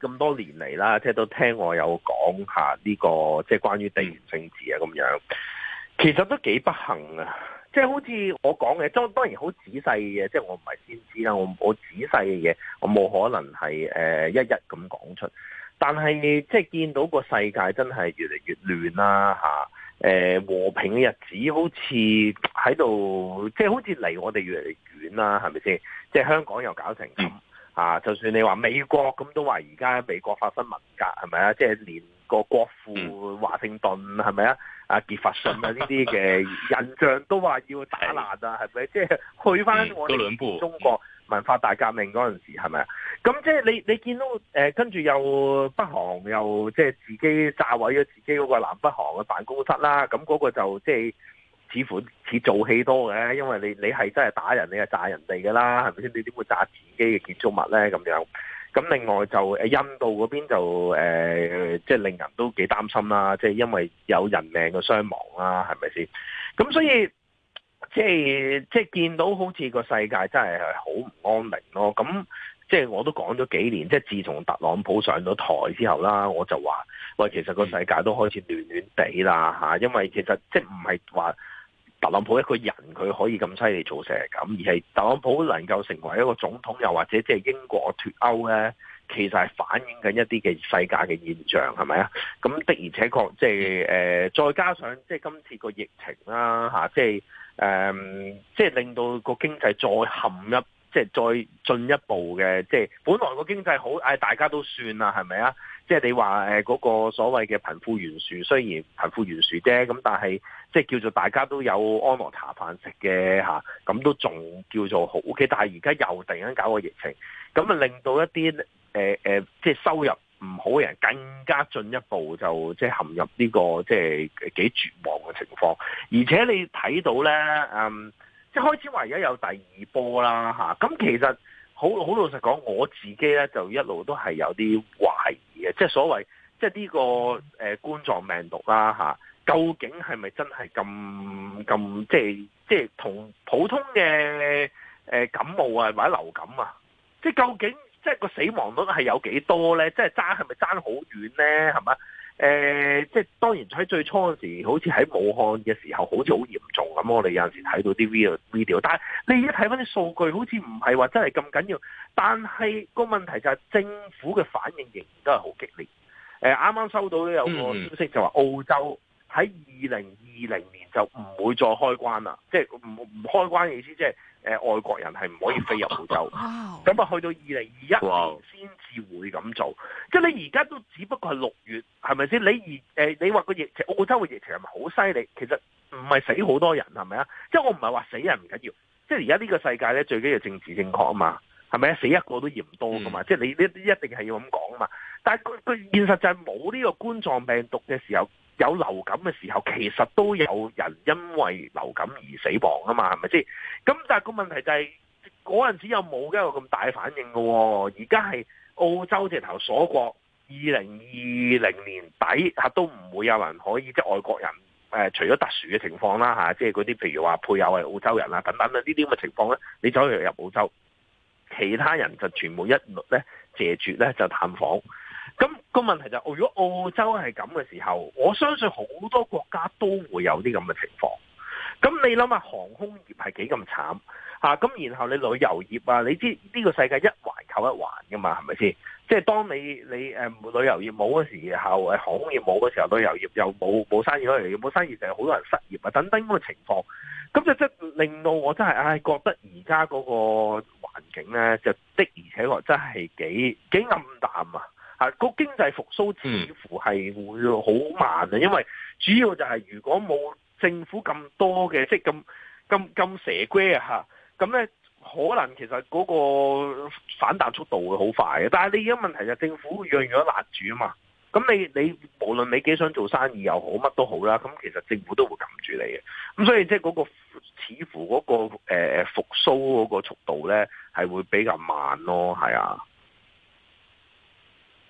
咁多年嚟啦，即係都聽我有講下呢個即係關於地緣政治啊咁樣，其實都幾不幸啊！即係好似我講嘅，當當然好仔細嘅，即係我唔係先知啦，我我仔細嘅嘢，我冇可能係誒一日咁講出。但係即係見到個世界真係越嚟越亂啦，吓誒和平嘅日子好似喺度，即係好似離我哋越嚟越遠啦，係咪先？即係香港又搞成咁。嗯啊！就算你話美國咁都話，而家美國發生文革係咪啊？即係連個國父華盛頓係咪、嗯、啊？啊傑佛遜啊呢啲嘅印象都話要打爛啊，係咪、嗯？即係去翻我哋中國文化大革命嗰陣時係咪啊？咁即係你你見到跟住、呃、又北韓又即係自己炸毀咗自己嗰個南北韓嘅辦公室啦，咁嗰個就即係。似乎似做戲多嘅，因為你你係真係打人，你係炸人哋㗎啦，係咪先？你點會炸自己嘅建築物咧？咁樣。咁另外就印度嗰邊就誒、呃，即係令人都幾擔心啦，即係因為有人命嘅傷亡啦，係咪先？咁所以即係即係見到好似個世界真係好唔安寧咯。咁即係我都講咗幾年，即係自從特朗普上咗台之後啦，我就話喂，其實個世界都開始亂亂地啦吓，因為其實即係唔係話。特朗普一個人佢可以咁犀利做成咁，而係特朗普能夠成為一個總統，又或者即係英國脫歐咧，其實係反映緊一啲嘅世界嘅現象，係咪啊？咁的而且確，即係誒，再加上即係今次個疫情啦，嚇，即係誒，即係令到個經濟再陷入。即係再進一步嘅，即係本來個經濟好，大家都算啦，係咪啊？即係你話嗰個所謂嘅貧富懸殊，雖然貧富懸殊啫，咁但係即係叫做大家都有安樂茶飯食嘅嚇，咁都仲叫做好 OK。但係而家又突然間搞個疫情，咁啊令到一啲、呃、即係收入唔好嘅人更加進一步就、這個、即係陷入呢個即係幾絕望嘅情況。而且你睇到咧，嗯。即係開始話而家有第二波啦嚇，咁其實好好老實講，我自己咧就一路都係有啲懷疑嘅，即係所謂即係呢個誒冠狀病毒啦嚇，究竟係咪真係咁咁即係即係同普通嘅誒感冒啊或者流感啊，即係究竟即係個死亡率係有幾多咧？即係爭係咪爭好遠咧？係咪誒、呃，即係當然喺最初嗰時，好似喺武漢嘅時候，好似好嚴重咁。我哋有陣時睇到啲 video，video，但係你而家睇翻啲數據，好似唔係話真係咁緊要。但係個問題就係政府嘅反應仍然都係好激烈。誒、呃，啱啱收到有個消息就話澳洲喺二零二零年就唔會再開關啦，即係唔唔開關嘅意思，即係。誒、呃，外國人係唔可以飛入澳洲，咁 啊去到二零二一年先至會咁做，wow。即係你而家都只不過係六月，係咪先？你而誒、呃，你話個疫情澳洲嘅疫情係咪好犀利？其實唔係死好多人，係咪啊？即係我唔係話死人唔緊要，要，即係而家呢個世界咧，最緊要政治正確啊嘛，係咪啊？死一個都嫌多噶嘛，mm。即係你呢一定係要咁講啊嘛。但係佢佢現實就係冇呢個冠狀病毒嘅時候。有流感嘅時候，其實都有人因為流感而死亡啊嘛，係咪先？咁但係個問題就係嗰陣時又冇一個咁大嘅反應噶、哦，而家係澳洲直頭鎖國，二零二零年底吓都唔會有人可以即係外國人，誒除咗特殊嘅情況啦吓，即係嗰啲譬如話配偶係澳洲人啊等等啊呢啲咁嘅情況咧，你走去入澳洲，其他人就全部一律咧謝絕咧就探訪。咁、那個問題就係、是，如果澳洲係咁嘅時候，我相信好多國家都會有啲咁嘅情況。咁你諗下，航空業係幾咁慘嚇？咁、啊、然後你旅遊業啊，你知呢個世界一環扣一環㗎嘛，係咪先？即係當你你誒、呃、旅遊業冇嘅時候，航空業冇嘅時候，旅遊業又冇冇生意旅遊業，冇生意就係好多人失業啊，等等咁嘅情況。咁就真令到我真係唉、哎、覺得而家嗰個環境咧，就的而且確真係幾幾暗淡啊！啊！經、嗰個、經濟復甦似乎係會好慢啊、嗯，因為主要就係如果冇政府咁多嘅，即係咁咁咁蛇 gear 啊咁咧，可能其實嗰個反彈速度會好快嘅。但係你而家問題就係政府樣樣都攔住啊嘛。咁你你無論你幾想做生意又好，乜都好啦，咁其實政府都會撳住你嘅。咁所以即係嗰個似乎嗰、嗰個誒、呃、復甦嗰個速度咧，係會比較慢咯，係啊。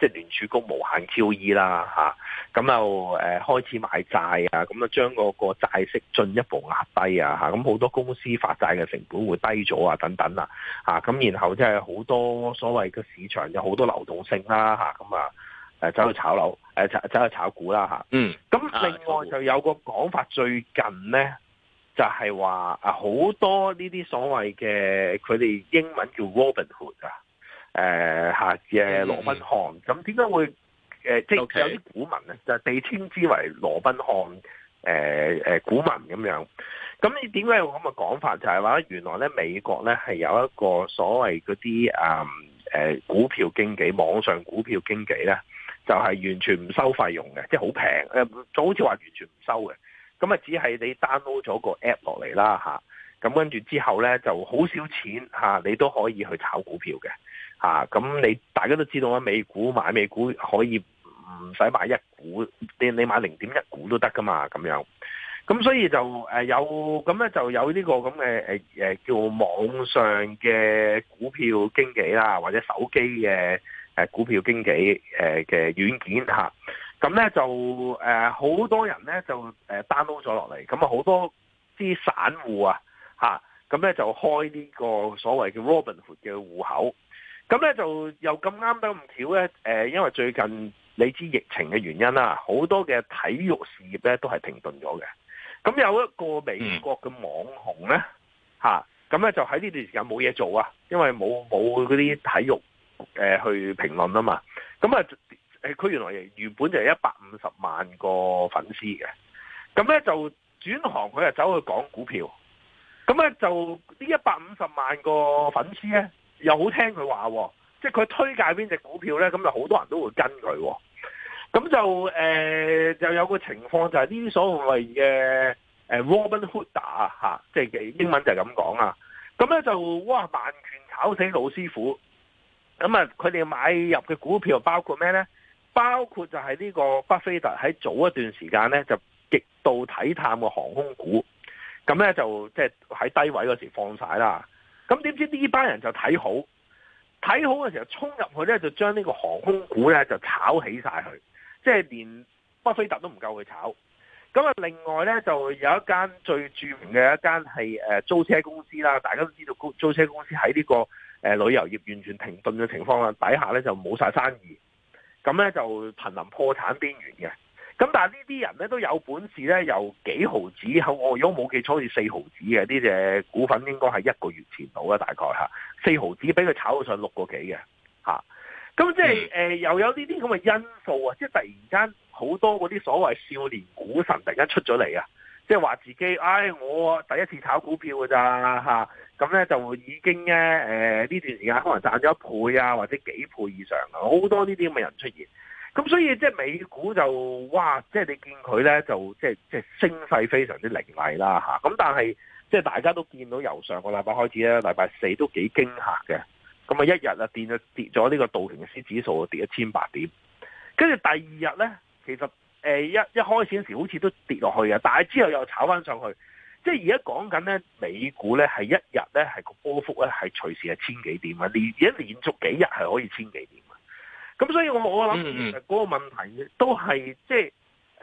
即係聯儲局無限 QE 啦嚇咁就誒開始買債啊，咁啊將嗰個債息進一步壓低啊嚇咁好多公司發債嘅成本會低咗啊等等啊嚇咁然後即係好多所謂嘅市場有好多流動性啦嚇咁啊誒走去炒樓誒走走去炒股啦嚇嗯，咁另外就有個講法、嗯、最近咧就係話啊好多呢啲所謂嘅佢哋英文叫 Robinhood 啊。誒下嘅羅賓漢，咁點解會誒、呃、即係、okay. 有啲股民咧，就地、是、稱之為羅賓漢誒誒股民咁樣。咁點解有咁嘅講法？就係、是、話原來咧，美國咧係有一個所謂嗰啲誒誒股票經紀，網上股票經紀咧就係、是、完全唔收費用嘅，即係好平誒，就是呃、好似話完全唔收嘅。咁啊，只係你 download 咗個 app 落嚟啦嚇。咁跟住之後咧，就好少錢嚇、啊，你都可以去炒股票嘅。咁、啊、你大家都知道啊，美股買美股可以唔使買一股，你你買零點一股都得㗎嘛，咁樣。咁所以就有咁咧，就有呢個咁嘅、啊、叫網上嘅股票經紀啦，或者手機嘅股票經紀嘅軟件咁咧、啊、就、啊、好多人咧就 download 咗落嚟，咁啊好多啲散戶啊咁咧就開呢個所謂嘅 Robinhood 嘅戶口。咁咧就又咁啱得咁巧咧，因為最近你知疫情嘅原因啦，好多嘅體育事業咧都係停頓咗嘅。咁有一個美國嘅網紅咧，吓，咁咧就喺呢段時間冇嘢做啊，因為冇冇嗰啲體育誒去評論啊嘛。咁啊，誒佢原來原本就係一百五十萬個粉絲嘅。咁咧就轉行，佢就走去講股票。咁咧就呢一百五十萬個粉絲咧。又好聽佢話，即係佢推介邊隻股票呢？咁就好多人都會跟佢。咁就誒、呃，就有個情況就係呢啲所謂嘅 Robinhood 啊，嚇、呃，即係英文就係咁講啊。咁呢就哇，萬拳炒死老師傅。咁啊，佢哋買入嘅股票包括咩呢？包括就係呢個巴菲特喺早一段時間呢，就極度睇淡個航空股。咁呢就即係喺低位嗰時放晒啦。咁點知呢班人就睇好，睇好嘅時候衝入去呢，就將呢個航空股呢就炒起晒。佢，即係連巴菲特都唔夠佢炒。咁啊，另外呢，就有一間最著名嘅一間係租車公司啦，大家都知道租車車公司喺呢個旅遊業完全停頓嘅情況下底下呢就冇晒生意，咁呢，就瀕臨破產邊緣嘅。咁但係呢啲人咧都有本事咧，由幾毫子，我我如果冇記錯，好似四毫子嘅，呢隻股份應該係一個月前到啦，大概四毫子俾佢炒到上六個幾嘅，咁即係又有呢啲咁嘅因素啊！即係突然間好多嗰啲所謂少年股神突然間出咗嚟啊！即係話自己，唉、哎，我第一次炒股票㗎咋，咁咧就已經咧誒呢段時間可能賺咗一倍啊，或者幾倍以上啊，好多呢啲咁嘅人出現。咁所以即係美股就哇，即係你見佢咧就即係即係升勢非常之凌厲啦吓，咁、啊、但係即係大家都見到由上個禮拜開始咧，禮拜四都幾驚吓嘅，咁啊一日啊跌咗跌咗呢個道瓊斯指數跌一千八點，跟住第二日咧，其實誒、呃、一一開始嗰時好似都跌落去啊，但係之後又炒翻上去，即係而家講緊咧美股咧係一日咧係個波幅咧係隨時係千幾點啊，連而家連續幾日係可以千幾點。咁所以我我諗、嗯嗯，其實嗰個問題都係即係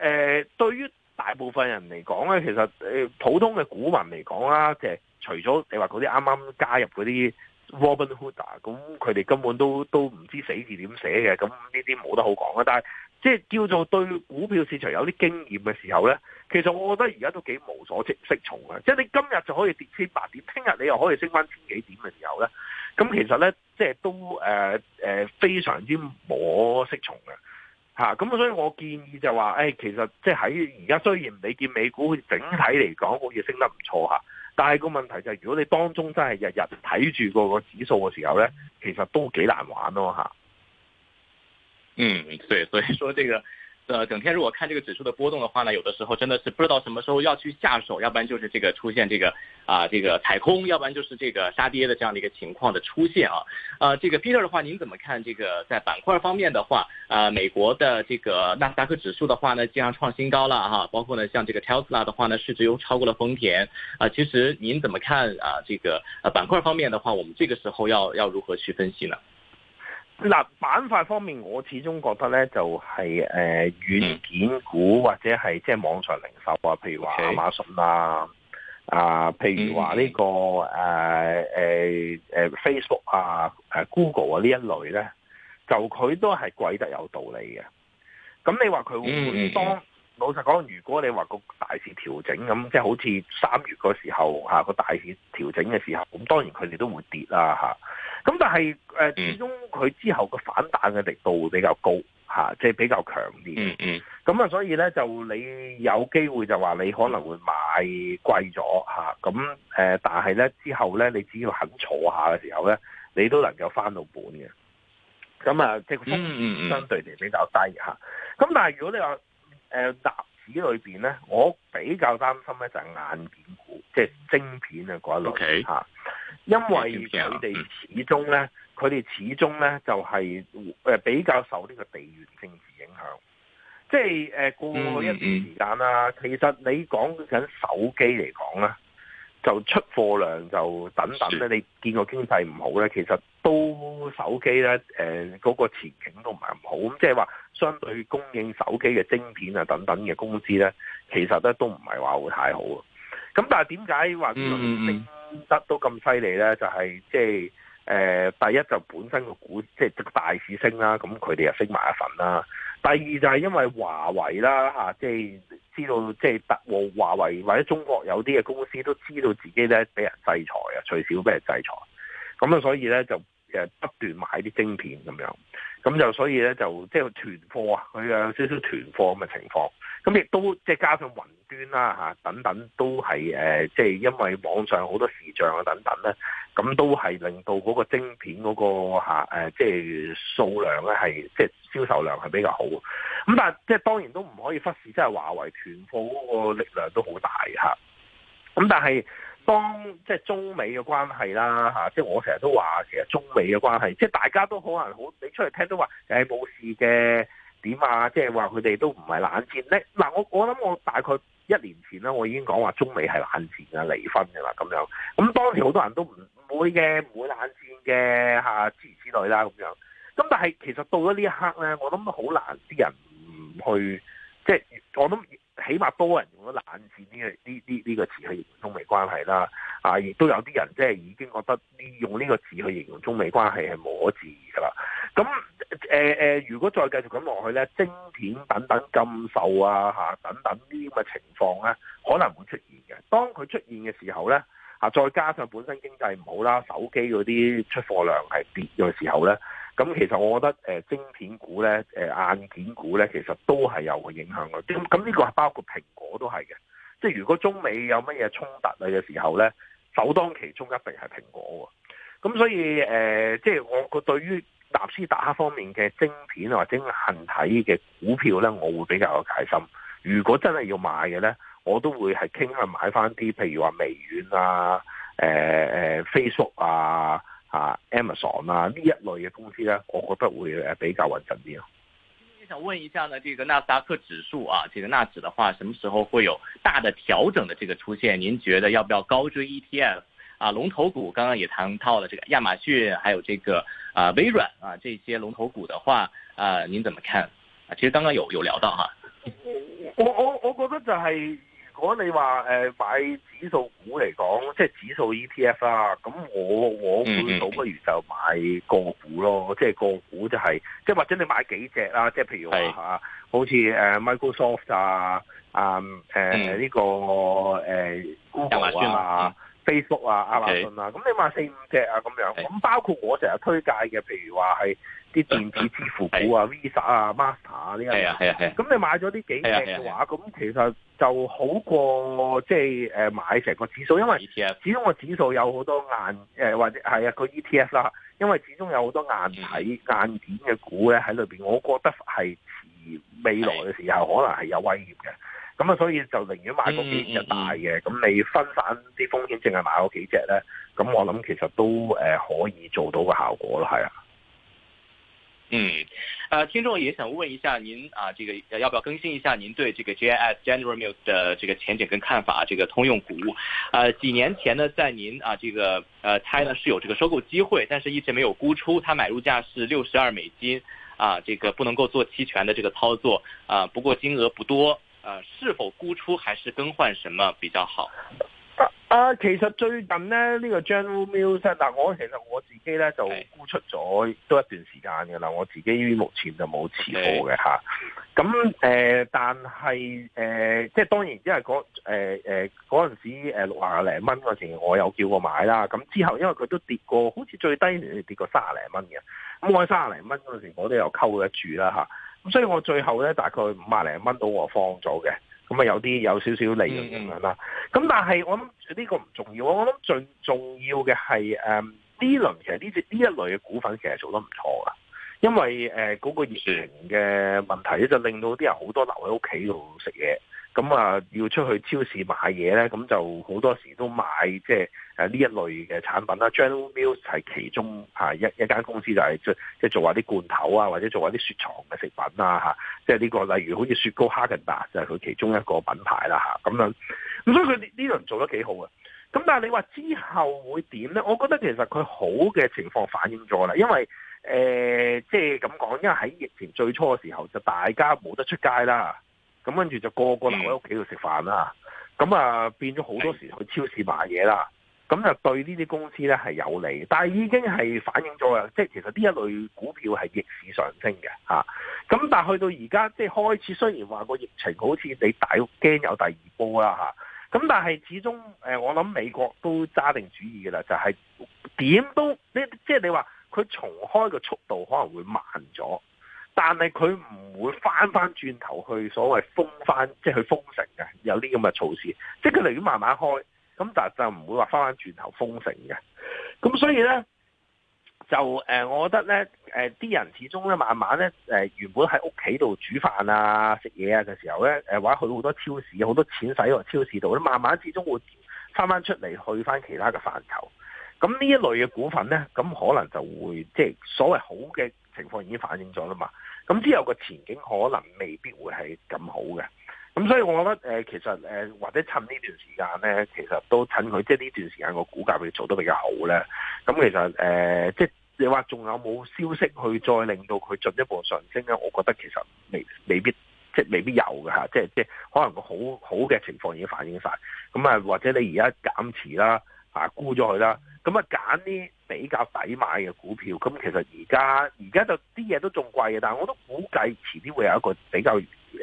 誒，對於大部分人嚟講咧，其實、呃、普通嘅股民嚟講啦，即係除咗你話嗰啲啱啱加入嗰啲 Robinhood 咁，佢哋根本都都唔知死字點寫嘅，咁呢啲冇得好講啊。但係即係叫做對股票市場有啲經驗嘅時候咧，其實我覺得而家都幾無所適適從嘅，即係你今日就可以跌千八點，聽日你又可以升翻千幾點嘅時候咧。咁其實咧，即係都誒、呃呃、非常之冇所適從嘅，咁所以我建議就話、哎，其實即係喺而家雖然你見美股整體嚟講好似升得唔錯，但係個問題就係如果你當中真係日日睇住個指數嘅時候咧，其實都幾難玩咯吓、啊，嗯，對，對，所以說呢個。呃，整天如果看這個指數的波動的話呢，有的時候真的是不知道什麼時候要去下手，要不然就是這個出現這個啊、呃、這個踩空，要不然就是這個殺跌的這樣的一個情況的出現啊。呃，這個 Peter 的話，您怎麼看這個在板塊方面的話，呃，美國的這個納斯達克指數的話呢，竟然創新高了哈、啊，包括呢像這個 Tesla 的話呢，市值又超過了豐田。啊、呃，其實您怎麼看啊、呃、這個呃板塊方面的話，我們這個時候要要如何去分析呢？嗱，板塊方面，我始終覺得咧，就係誒軟件股或者係即係網上零售、Okay. 啊，譬如話亞馬遜啊，啊、呃，譬如話呢個誒誒誒 Facebook 啊，誒 Google 啊呢一類咧，就佢都係貴得有道理嘅。咁你話佢會唔會當？老實講，如果你話個大市調整咁，即係好似三月嗰時候吓個大市調整嘅時候，咁當然佢哋都會跌啦吓。咁但係誒、呃嗯，始終佢之後個反彈嘅力度會比較高吓，即、啊、係、就是、比較強啲。嗯咁啊，嗯、所以咧就你有機會就話你可能會買貴咗吓。咁、啊、誒、呃，但係咧之後咧，你只要肯坐下嘅時候咧，你都能夠翻到本嘅。咁啊，即係風險相對嚟比較低吓。咁、嗯嗯、但係如果你話，誒、呃、藍裏裏邊咧，我比較擔心咧就係、是、硬件股，即、就、係、是、晶片啊嗰一類、okay. 因為佢哋始終咧，佢、yeah. 哋始終咧就係、是、比較受呢個地緣政治影響，即、就、係、是呃、過過一段時間啊。Mm -hmm. 其實你講緊手機嚟講咧。就出貨量就等等咧，你見個經濟唔好咧，其實都手機咧誒嗰個前景都唔係咁好，咁即係話相對供應手機嘅晶片啊等等嘅公司咧，其實咧都唔係話會太好。咁但係點解話升得都咁犀利咧？就係即係誒第一就本身個股即係即個大市升啦，咁佢哋又升埋一份啦。第二就係因為華為啦，嚇，即、啊、係、就是、知道即係突和華為或者中國有啲嘅公司都知道自己咧俾人制裁啊，最少俾人制裁，咁啊所以咧就。誒、就是、不斷買啲晶片咁樣，咁就所以咧就即係囤貨啊，佢有少少囤貨咁嘅情況。咁亦都即係、就是、加上雲端啦、啊、等等，都係即係因為網上好多時尚啊等等咧，咁都係令到嗰個晶片嗰、那個嚇即係數量咧係即係銷售量係比較好。咁但係即係當然都唔可以忽視，即係華為囤貨嗰個力量都好大嚇。咁但係。當即係中美嘅關係啦，嚇、啊！即係我成日都話，其實中美嘅關係，即係大家都可能好，你出嚟聽都話，誒冇事嘅點啊，即係話佢哋都唔係冷戰咧。嗱、啊，我我諗我大概一年前啦，我已經講話中美係冷戰嘅、離婚嘅啦咁樣。咁、嗯、當時好多人都唔會嘅，唔會冷戰嘅嚇、啊、之類之類啦咁樣。咁、嗯、但係其實到咗呢一刻咧，我諗好難啲人唔去，即係我都。起碼多人用咗冷戰呢個呢呢呢個詞去形容中美關係啦，啊，亦都有啲人即係已經覺得呢用呢個詞去形容中美關係係無可置疑噶啦。咁誒、呃呃、如果再繼續咁落去咧，晶片等等禁售啊，啊等等呢啲咁嘅情況咧，可能會出現嘅。當佢出現嘅時候咧，啊，再加上本身經濟唔好啦，手機嗰啲出貨量係跌嘅時候咧。咁其實我覺得誒、呃、晶片股咧、誒、呃、硬件股咧，其實都係有個影響嘅。咁咁呢個係包括蘋果都係嘅。即係如果中美有乜嘢衝突啊嘅時候咧，首當其衝一定係蘋果喎。咁所以誒、呃，即係我個對於納斯達克方面嘅晶片或者硬體嘅股票咧，我會比較有戒心。如果真係要買嘅咧，我都會係傾向買翻啲，譬如話微軟啊、呃呃、Facebook 啊。啊，Amazon 啊呢一類嘅公司咧，我覺得會誒比較穩陣啲。今天想問一下呢，這個納斯達克指數啊，這個納指的話，什麼時候會有大的調整的這個出現？您覺得要不要高追 ETF？啊，龍頭股剛剛也談到了這個亞馬遜，還有這個啊微軟啊這些龍頭股的話啊，您怎麼看？啊，其實剛剛有有聊到哈、啊。我我我我覺得就係、是。如果你話誒、呃、買指數股嚟講，即係指數 ETF 啦，咁我我估倒不如就買個股咯，即係個股就係、是，即係或者你買幾隻啦，即係譬如話好似誒、uh, Microsoft 啊啊誒呢個、uh, Google 啊。Facebook 啊、亞馬遜啊，咁、okay. 你買四五隻啊咁樣，咁包括我成日推介嘅，譬如話係啲電子支付股啊、 Visa 啊、Master 啊呢一類，啊啊咁你買咗啲幾隻嘅話，咁其實就好過即係、誒、買成個指數，因為始終個指數有好多硬或者係啊個 ETF 啦，呃、ETF, 因為始終有好多硬體、硬件嘅股咧喺裏面。我覺得係遲未來嘅時候可能係有威脅嘅。咁啊，所以就寧願買幾個幾隻大嘅，咁、嗯嗯、你分散啲風險，淨係買個幾隻咧，咁我諗其實都可以做到個效果咯係啊。嗯，啊，聽眾也想問一下您啊，這個、啊、要不要更新一下您對這個 GIS General Mills 的這個前景跟看法？這個通用股，呃、啊、幾年前呢，在您啊，這個呃猜、啊、呢是有這個收購機會，但是一直沒有沽出，它買入價是六十二美金，啊，這個不能夠做期權的這個操作，啊，不過金額不多。啊，是否沽出還是更換什麼比較好？啊，啊其實最近咧呢、這個 General Music 嗱，我其實我自己咧就沽出咗都一段時間噶啦，我自己目前就冇持有嘅吓。咁誒、啊，但係誒、啊，即係當然，因為嗰誒誒陣時誒六廿零蚊嗰時，我有叫過買啦。咁、啊、之後因為佢都跌過，好似最低的跌過卅零蚊嘅。咁我卅零蚊嗰時，我都有溝得住啦吓。啊所以我最後咧大概五百零蚊到我放咗嘅，咁啊有啲有少少利潤咁樣啦。咁但係我諗呢個唔重要，我諗最重要嘅係誒呢輪其實呢隻呢一類嘅股份其實做得唔錯噶，因為誒嗰、呃那個疫情嘅問題咧，就令到啲人好多留喺屋企度食嘢。咁啊，要出去超市買嘢咧，咁就好多時都買即係呢一類嘅產品啦。General Mills 係其中一一間公司，就係即即做下啲罐頭啊，或者做下啲雪藏嘅食品啦嚇。即係呢個例如好似雪糕哈根達斯就係、是、佢其中一個品牌啦嚇。咁樣咁所以佢呢輪做得幾好啊。咁但係你話之後會點咧？我覺得其實佢好嘅情況反映咗啦，因為誒即係咁講，因為喺疫情最初嘅時候就大家冇得出街啦。咁跟住就個個留喺屋企度食飯啦，咁啊變咗好多時去超市買嘢啦，咁就對呢啲公司咧係有利，但係已經係反映咗啊，即係其實呢一類股票係逆市上升嘅嚇。咁但係去到而家即係開始，雖然話個疫情好似你大驚有第二波啦嚇，咁但係始終誒我諗美國都揸定主意嘅啦，就係點都呢即係你話佢重開嘅速度可能會慢咗。但係佢唔會翻翻轉頭去所謂封翻，即係去封城嘅。有啲咁嘅措施，即係佢寧願慢慢開，咁但係就唔會話翻翻轉頭封城嘅。咁所以咧，就誒，我覺得咧，誒啲人始終咧，慢慢咧，誒原本喺屋企度煮飯啊、食嘢啊嘅時候咧，誒或者去好多超市，好多錢使喺個超市度，慢慢始終會翻翻出嚟去翻其他嘅範疇。咁呢一類嘅股份咧，咁可能就會即係所謂好嘅。情況已經反映咗啦嘛，咁之後個前景可能未必會係咁好嘅，咁所以我覺得誒、呃，其實誒、呃，或者趁呢段時間咧，其實都趁佢，即係呢段時間個股價會做得比較好咧。咁其實誒、呃，即係你話仲有冇消息去再令到佢進一步上升咧？我覺得其實未未必，即係未必有㗎吓。即係即係，可能個好好嘅情況已經反映晒。咁啊，或者你而家減持啦。啊沽咗佢啦，咁啊揀啲比較抵買嘅股票，咁其實而家而家就啲嘢都仲貴嘅，但係我都估計遲啲會有一個比較、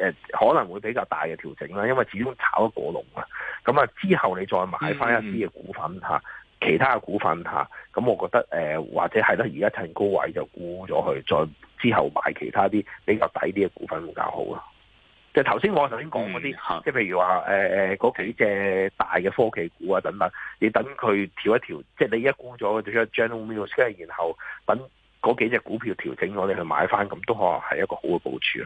呃、可能會比較大嘅調整啦，因為始終炒得過龍啊，咁啊之後你再買翻一啲嘅股份嚇、嗯，其他嘅股份嚇，咁我覺得誒、呃、或者係啦，而家趁高位就沽咗佢，再之後買其他啲比較抵啲嘅股份會較好咯。就頭、是、先我頭先講嗰啲，即係譬如話誒嗰幾隻大嘅科技股啊等等，你等佢調一調，即、就、係、是、你一估咗佢，就將 journal news，然後等嗰幾隻股票調整咗，你去買返，咁都可能係一個好嘅部署。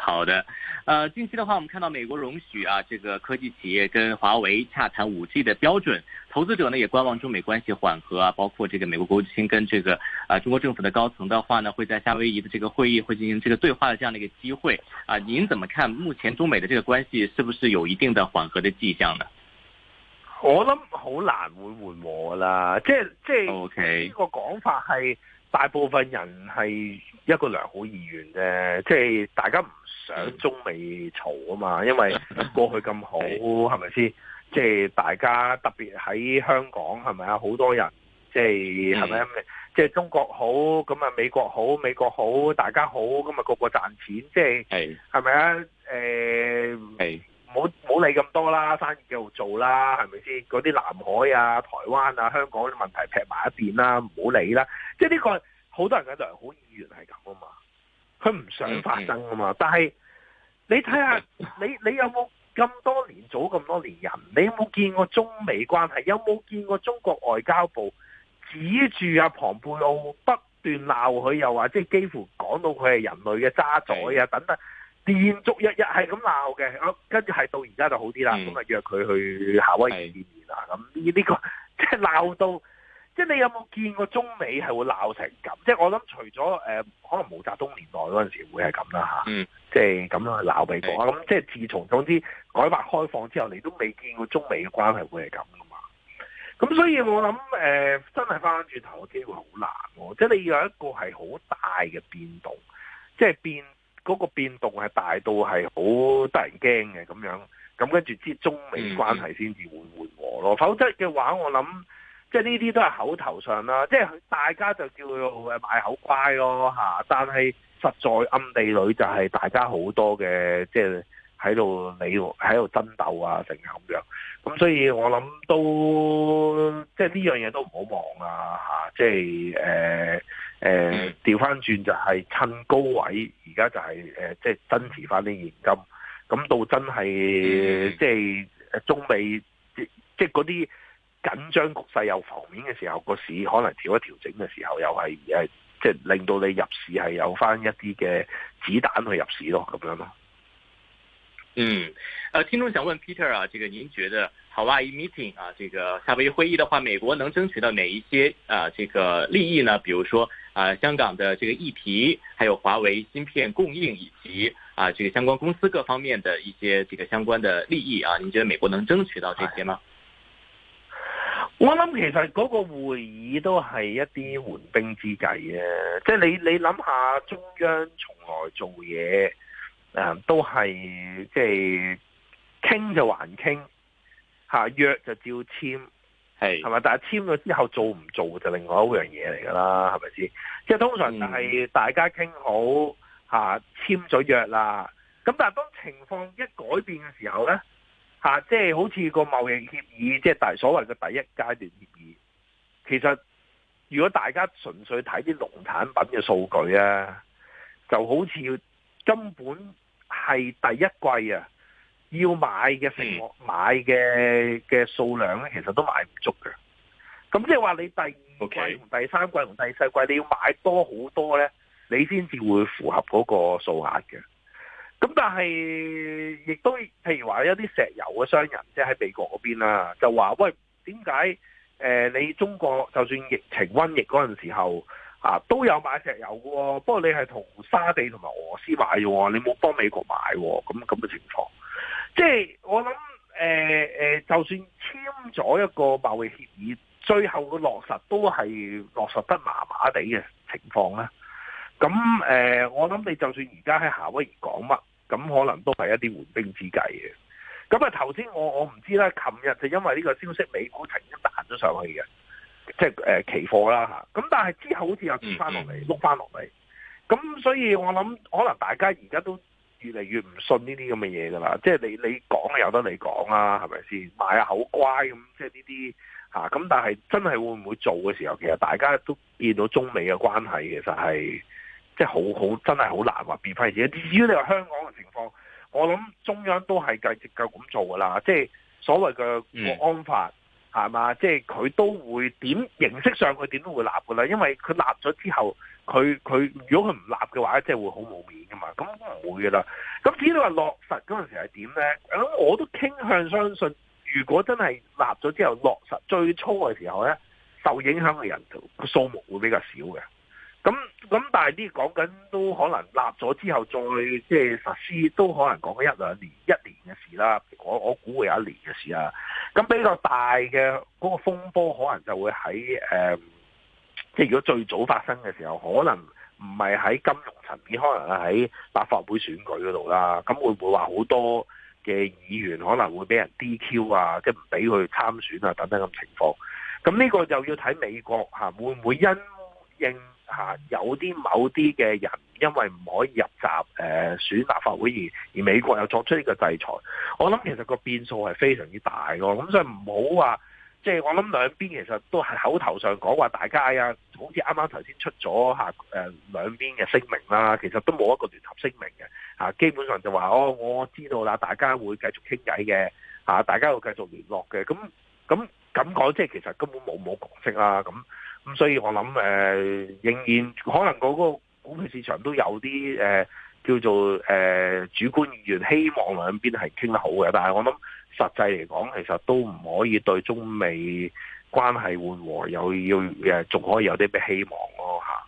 好的，呃，近期的話，我們看到美國容許啊，這個科技企業跟華為洽談五 G 的標準，投資者呢也觀望中美關係緩和啊，包括這個美國國務卿跟這個啊、呃、中國政府的高層的話呢，會在夏威夷的這個會議會進行這個對話的這樣的一個機會啊，您、呃、怎麼看目前中美的這個關係是不是有一定的緩和的跡象呢？我諗好難會緩和啦，即係即係，OK 個講法是、okay. 大部分人係一個良好意願啫，即係大家唔想中美吵啊嘛，因為過去咁好，係咪先？即係大家特別喺香港係咪啊？好多人即係係咪啊？即係中國好，咁啊美國好，美國好，大家好，咁啊個個賺錢，即係係咪啊？誒。唔好唔好理咁多啦，生意繼續做啦，係咪先？嗰啲南海啊、台灣啊、香港啲問題劈埋一邊啦，唔好理啦。即係呢個好多人嘅良好意願係咁啊嘛，佢唔想發生啊嘛。但係你睇下，你你有冇咁多年早咁多年人，你有冇見過中美關係？有冇見過中國外交部指住阿蓬佩奧不斷鬧佢，又話即係幾乎講到佢係人類嘅渣滓啊，等等。連續日日係咁鬧嘅，跟住係到而家就好啲啦。咁、嗯、啊約佢去夏威夷見面啦。咁呢個即係鬧到，即係你有冇見過中美係會鬧成咁？即係我諗，除咗呃可能毛澤東年代嗰陣時會係咁啦吓，即係咁樣去鬧美國。咁即係自從總之改革開放之後，你都未見過中美嘅關係會係咁噶嘛。咁所以我諗誒，真係翻返轉頭嘅機會好難喎。即係你要有一個係好大嘅變動，即係變。嗰、那個變動係大到係好得人驚嘅咁樣，咁跟住之中美關係先至會緩和咯。嗯、否則嘅話，我諗即係呢啲都係口頭上啦，即係大家就叫佢賣口乖咯，但係實在暗地裏就係大家好多嘅即係喺度你喺度爭鬥啊，成咁樣。咁所以我諗都即係呢樣嘢都唔好忘啊。即係誒。呃誒、嗯，調翻轉就係趁高位，而家就係誒，即係增持翻啲現金。咁到真係即係中美，即即係嗰啲緊張局勢有浮面嘅時候，那個市可能調一調整嘅時候，又係誒，即係令到你入市係有翻一啲嘅子彈去入市咯，咁樣咯。嗯，誒，聽眾想問 Peter 啊，這個您覺得 Hawaii meeting 啊，這個夏威夷會議嘅話，美國能爭取到哪一些啊，這個利益呢？比如說。啊，香港的這個議題，還有華為芯片供應以及啊，啊，這個相關公司各方面的一些這個相關的利益啊，你覺得美國能爭取到這些嗎？我諗其實嗰個會議都係一啲緩兵之計嘅，即係你你諗下中央從來做嘢，誒都係即係傾就還傾，吓約就照簽。係，係咪？但係簽咗之後做唔做就另外一樣嘢嚟噶啦，係咪先？即係通常係大家傾好吓簽咗約啦，咁但係當情況一改變嘅時候呢，吓即係好似個貿易協議，即係所謂嘅第一階段協議，其實如果大家純粹睇啲農產品嘅數據啊，就好似根本係第一季啊。要買嘅成果，買嘅嘅數量咧，其實都買唔足嘅。咁即係話你第二季同第三季同第四季，你要買多好多咧，你先至會符合嗰個數額嘅。咁但係亦都譬如話，有啲石油嘅商人即係喺美國嗰邊啦，就話：喂，點解誒你中國就算疫情瘟疫嗰陣時候？啊，都有買石油嘅、哦，不過你係同沙地同埋俄羅斯買嘅、哦，你冇幫美國買、哦，咁咁嘅情況，即係我諗，誒、呃呃、就算簽咗一個貿易協議，最後嘅落實都係落實得麻麻地嘅情況啦。咁誒、呃，我諗你就算而家喺夏威夷講乜，咁可能都係一啲緩兵之計嘅。咁啊，頭先我我唔知啦，琴日就因為呢個消息，美股曾經彈咗上去嘅。即係誒、呃、期貨啦，咁但係之後好似又跌翻落嚟，碌翻落嚟，咁所以我諗可能大家而家都越嚟越唔信呢啲咁嘅嘢㗎啦，即係你你講有得你講啊，係咪先買下口乖咁，即係呢啲嚇，咁但係真係會唔會做嘅時候，其實大家都見到中美嘅關係其實係即係好好真係好難話變翻樣。至於你話香港嘅情況，我諗中央都係繼續夠咁做㗎啦，即係所謂嘅國安法。嗯係嘛，即係佢都會點形式上佢點都會立噶啦，因為佢立咗之後，佢佢如果佢唔立嘅話，即係會好冇面噶嘛，咁唔會噶啦。咁至於你話落實嗰陣時係點咧，咁我都傾向相信，如果真係立咗之後落實最初嘅時候咧，受影響嘅人個數目會比較少嘅。咁、嗯、咁、嗯，但係呢講緊都可能立咗之後再，再即係實施都可能講緊一兩年、一年嘅事啦。我我估會有一年嘅事啦。咁比較大嘅嗰、嗰個風波，可能就會喺誒、嗯，即係如果最早發生嘅時候，可能唔係喺金融層面，可能係喺立法會選舉嗰度啦。咁會唔會話好多嘅議員可能會俾人 DQ 啊，即係唔俾佢參選啊，等等咁情況。咁呢個又要睇美國嚇、啊、會唔會因應。嚇，有啲某啲嘅人因為唔可以入閘誒選立法會議，而美國又作出呢個制裁，我諗其實個變數係非常之大喎。咁所以唔好話即係我諗兩邊其實都係口頭上講話大家啊，好似啱啱頭先出咗下誒兩邊嘅聲明啦，其實都冇一個聯合聲明嘅嚇，基本上就話哦我知道啦，大家會繼續傾偈嘅嚇，大家會繼續聯絡嘅，咁咁咁講即係其實根本冇冇共識啦咁。咁所以我諗，誒、呃，仍然可能嗰個股票市場都有啲，誒、呃，叫做，誒、呃，主觀意願，希望兩邊係傾得好嘅。但係我諗實際嚟講，其實都唔可以對中美關係緩和，有要，誒，仲可以有啲嘅希望咯，吓。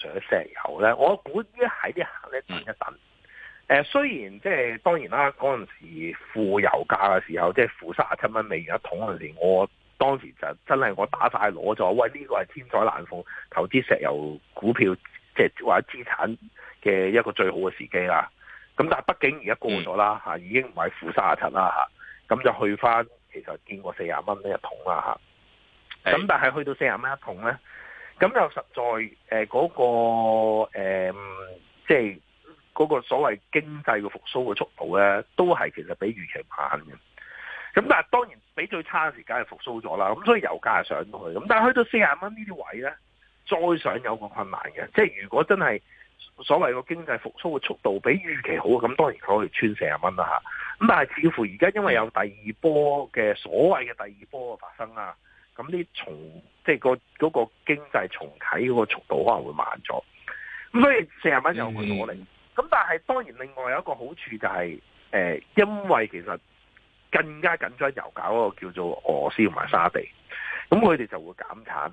上咗石油咧，我估在一喺啲客咧等一等。誒、嗯，雖然即、就、係、是、當然啦，嗰陣時負油價嘅時候，即、就、係、是、負卅七蚊美元一桶嗰陣時，我當時就真係我打晒攞咗，喂呢，這個係天災難逢，投資石油股票即係或者資產嘅一個最好嘅時機啦。咁但係畢竟而家過咗啦嚇，嗯，已經唔係負卅七啦嚇，咁就去返其實見過四十蚊一桶啦嚇。咁但係去到四十蚊一桶咧，咁又實在誒嗰個誒，即係嗰個所謂經濟嘅復甦嘅速度咧，都係其實比預期慢嘅。咁但係當然，比最差嘅時間係復甦咗啦。咁所以油價係上到去，咁但係去到四十蚊呢啲位咧，再上有個困難嘅。即係如果真係所謂個經濟復甦嘅速度比預期好，咁當然佢可以穿四十蚊啦吓，咁但係似乎而家因為有第二波嘅所謂嘅第二波嘅發生啦咁啲從即係個嗰個經濟重啟嗰個速度可能會慢咗，咁所以四十蚊又會攞嚟。咁、嗯、但係當然另外有一個好處就係、是，誒、呃，因為其實更加緊張油價嗰、那個叫做俄羅斯同埋沙地，咁佢哋就會減產。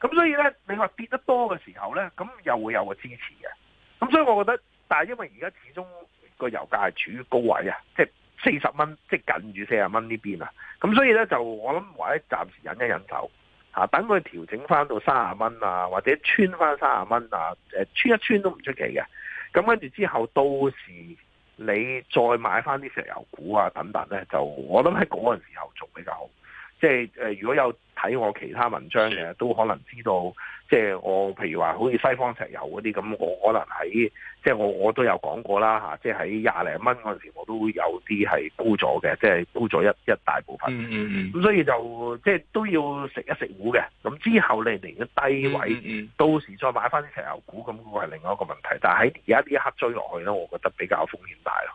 咁所以咧，你話跌得多嘅時候咧，咁又會有個支持嘅。咁所以我覺得，但係因為而家始終個油價係處於高位啊，即係四十蚊，即、就、係、是、近住四十蚊呢邊啊。咁所以咧，就我諗或者暫時忍一忍手。啊！等佢調整翻到三十蚊啊，或者穿翻三十蚊啊，誒穿一穿都唔出奇嘅。咁跟住之後，到時你再買翻啲石油股啊等等咧，就我諗喺嗰陣時候做比較好。即係如果有睇我其他文章嘅，都可能知道，即係我譬如話好似西方石油嗰啲咁，我可能喺即係我我都有講過啦吓，即係喺廿零蚊嗰陣時，我都有啲係沽咗嘅，即係沽咗一一大部分。嗯咁、嗯嗯、所以就即係都要食一食股嘅，咁之後你嚟緊低位嗯嗯嗯，到時再買翻啲石油股，咁、嗰個係另外一個問題。但係喺而家呢一刻追落去咧，我覺得比較風險大咯。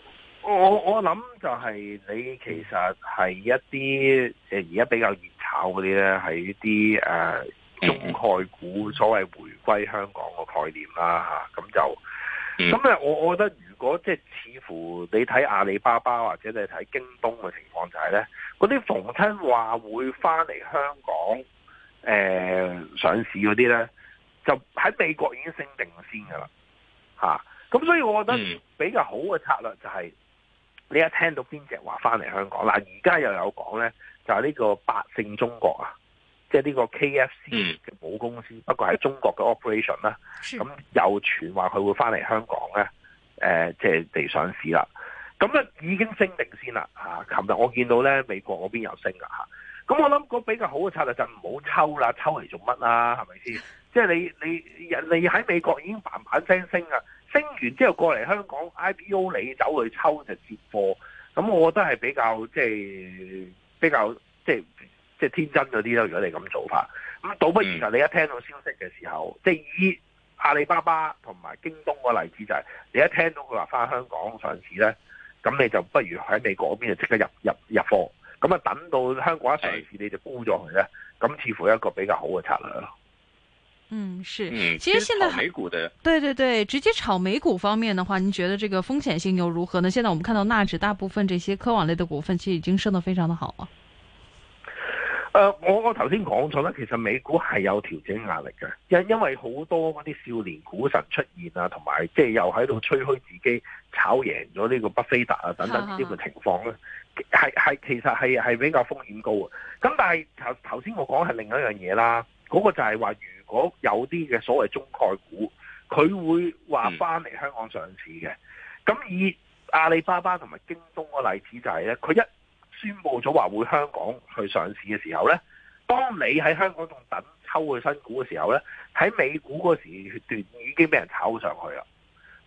我我諗就係你其實係一啲誒而家比較熱炒嗰啲咧，係一啲誒中概股所謂回歸香港嘅概念啦吓，咁、啊、就咁咧。我我覺得如果即係似乎你睇阿里巴巴或者你睇京東嘅情況、就是呃，就係咧嗰啲逢親話會翻嚟香港誒上市嗰啲咧，就喺美國已經升定先噶啦吓。咁、啊、所以我覺得比較好嘅策略就係、是。你一聽到邊隻話翻嚟香港嗱，而家又有講咧，就係、是、呢個百勝中國啊，即係呢個 KFC 嘅母公司，嗯、不過係中國嘅 operation 啦、嗯。咁又傳話佢會翻嚟香港咧，誒，即係地上市啦。咁呢已經升定先啦嚇，琴日我見到咧美國嗰邊又升啦嚇。咁我諗個比較好嘅策略就唔好抽啦，抽嚟做乜啦？係咪先？即係、就是、你你你喺美國已經嘭嘭聲升啊！升完之後過嚟香港 IPO，你走去抽就接貨，咁我覺得係比較即係比較即係即係天真嗰啲咯。如果你咁做法，咁倒不如就你一聽到消息嘅時候，嗯、即係以阿里巴巴同埋京東個例子就係、是，你一聽到佢話翻香港上市咧，咁你就不如喺美國嗰邊就即刻入入入貨，咁啊等到香港一上市你就沽咗佢咧，咁似乎係一個比較好嘅策略咯。嗯，是，其實現在、嗯美股的，對對對，直接炒美股方面的話，你覺得這個風險性又如何呢？現在我們看到納指大部分這些科網類的股份其實已經升得非常的好啊、呃。我我頭先講咗呢，其實美股係有調整壓力嘅，因因為好多嗰啲少年股神出現啊，同埋即係又喺度吹噓自己炒贏咗呢個巴菲特啊等等呢啲嘅情況呢係係其實係係比較風險高啊。咁但係頭頭先我講係另一樣嘢啦，嗰、那個就係話如。有啲嘅所謂中概股，佢會話翻嚟香港上市嘅。咁以阿里巴巴同埋京東個例子就係咧，佢一宣布咗話會香港去上市嘅時候咧，當你喺香港仲等抽去新股嘅時候咧，喺美股嗰時段已經俾人炒上去啦。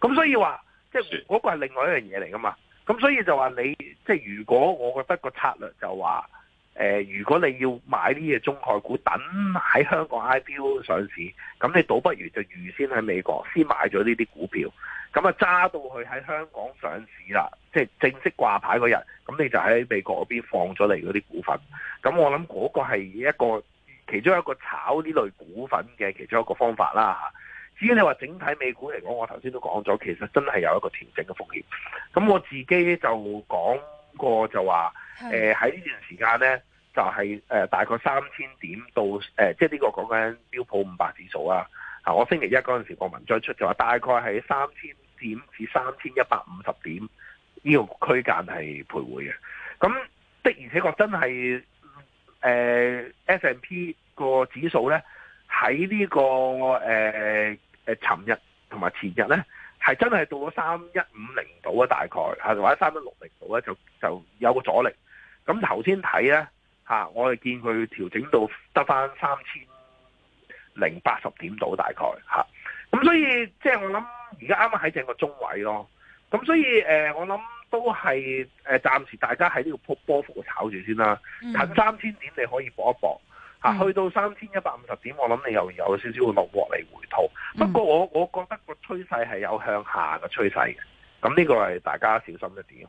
咁所以話，即係嗰個係另外一樣嘢嚟噶嘛。咁所以就話你即係如果我覺得個策略就話。誒、呃，如果你要買呢啲中概股，等喺香港 IPO 上市，咁你倒不如就預先喺美國先買咗呢啲股票，咁啊揸到佢喺香港上市啦，即、就、係、是、正式掛牌嗰日，咁你就喺美國嗰邊放咗嚟嗰啲股份，咁我諗嗰個係一個其中一個炒呢類股份嘅其中一個方法啦嚇。至於你話整體美股嚟講，我頭先都講咗，其實真係有一個調整嘅風險。咁我自己就講過就話。誒，喺、呃、呢段時間咧，就係、是、誒、呃、大概三千點到誒，即係呢個講緊標普五百指數啊。啊，我星期一嗰陣時個文章出就話，大概喺三千點至三千一百五十點呢個區間係徘徊嘅。咁的而且確真係誒、呃、S&P 指數呢、這個指數咧，喺呢個誒誒尋日同埋前日咧，係真係到咗三一五零度啊，大概吓，或者三一六零度咧，就就有個阻力。咁頭先睇咧吓我哋見佢調整到得翻三千零八十點度，大概吓咁、啊、所以即係、就是、我諗，而家啱啱喺正個中位咯。咁所以、呃、我諗都係誒、呃，暫時大家喺呢個波波幅度炒住先啦。近三千點你可以搏一搏、啊嗯、去到三千一百五十點，我諗你又有少少會落落嚟回吐、嗯。不過我我覺得個趨勢係有向下嘅趨勢嘅，咁呢個係大家小心一點。